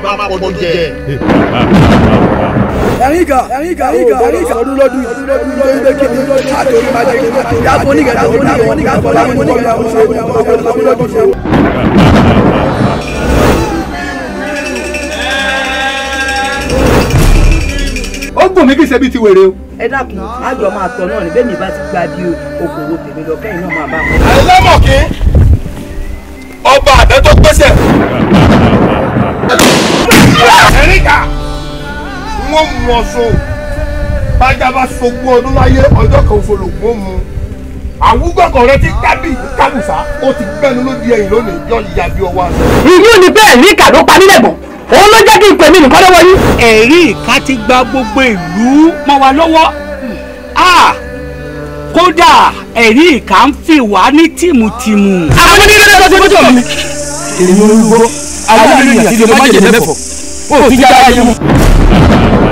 bá pọnú jẹ. ẹ̀rín kan ẹ̀rín kan ẹ̀rín kan ẹ̀rín kan ọdún lọ́dún lórí pé kìíní àtòrí máa jẹ kí ní àfọ̀nìkà àfọ̀nìkà àfọ̀nìkà ó gùn mí kí ṣe bí ti wèrè o. ẹ dákun àjọ máa tọ náà ní bẹ́ẹ̀ bá ti gba bí okòwò tèmi lọ kẹ́yìn náà máa bá wọn. àìlẹ́mọ̀kí ọba àdẹ́tọ́ gbẹ́sẹ̀. wọ́n mú ọ̀ṣun bájá bá sogún ọdún láyé ọjọ́ kan ṣoṣo lòun ó mu àwùgbọ̀gàn rẹ ti kábì kábùsà ó ti gbẹnu ló di lónìí yọ ìyá ọwọ́ àṣẹ. ìlú ni bẹ́ẹ̀ ní kàdó pa nílẹ̀ òun ló jẹ́ kí n pè mí nìkan lọ́wọ́ yín. ẹ̀rí ìka ti gba gbogbo ìlú mọ́ wa lọ́wọ́ kódà ẹ̀rí ìka ń fi wá ní tìmùtìmù. àwọn onídìrí ló mi. èmi ò ń gbọ́ àwọn onídìrí àti ìdè òfin jáde mú.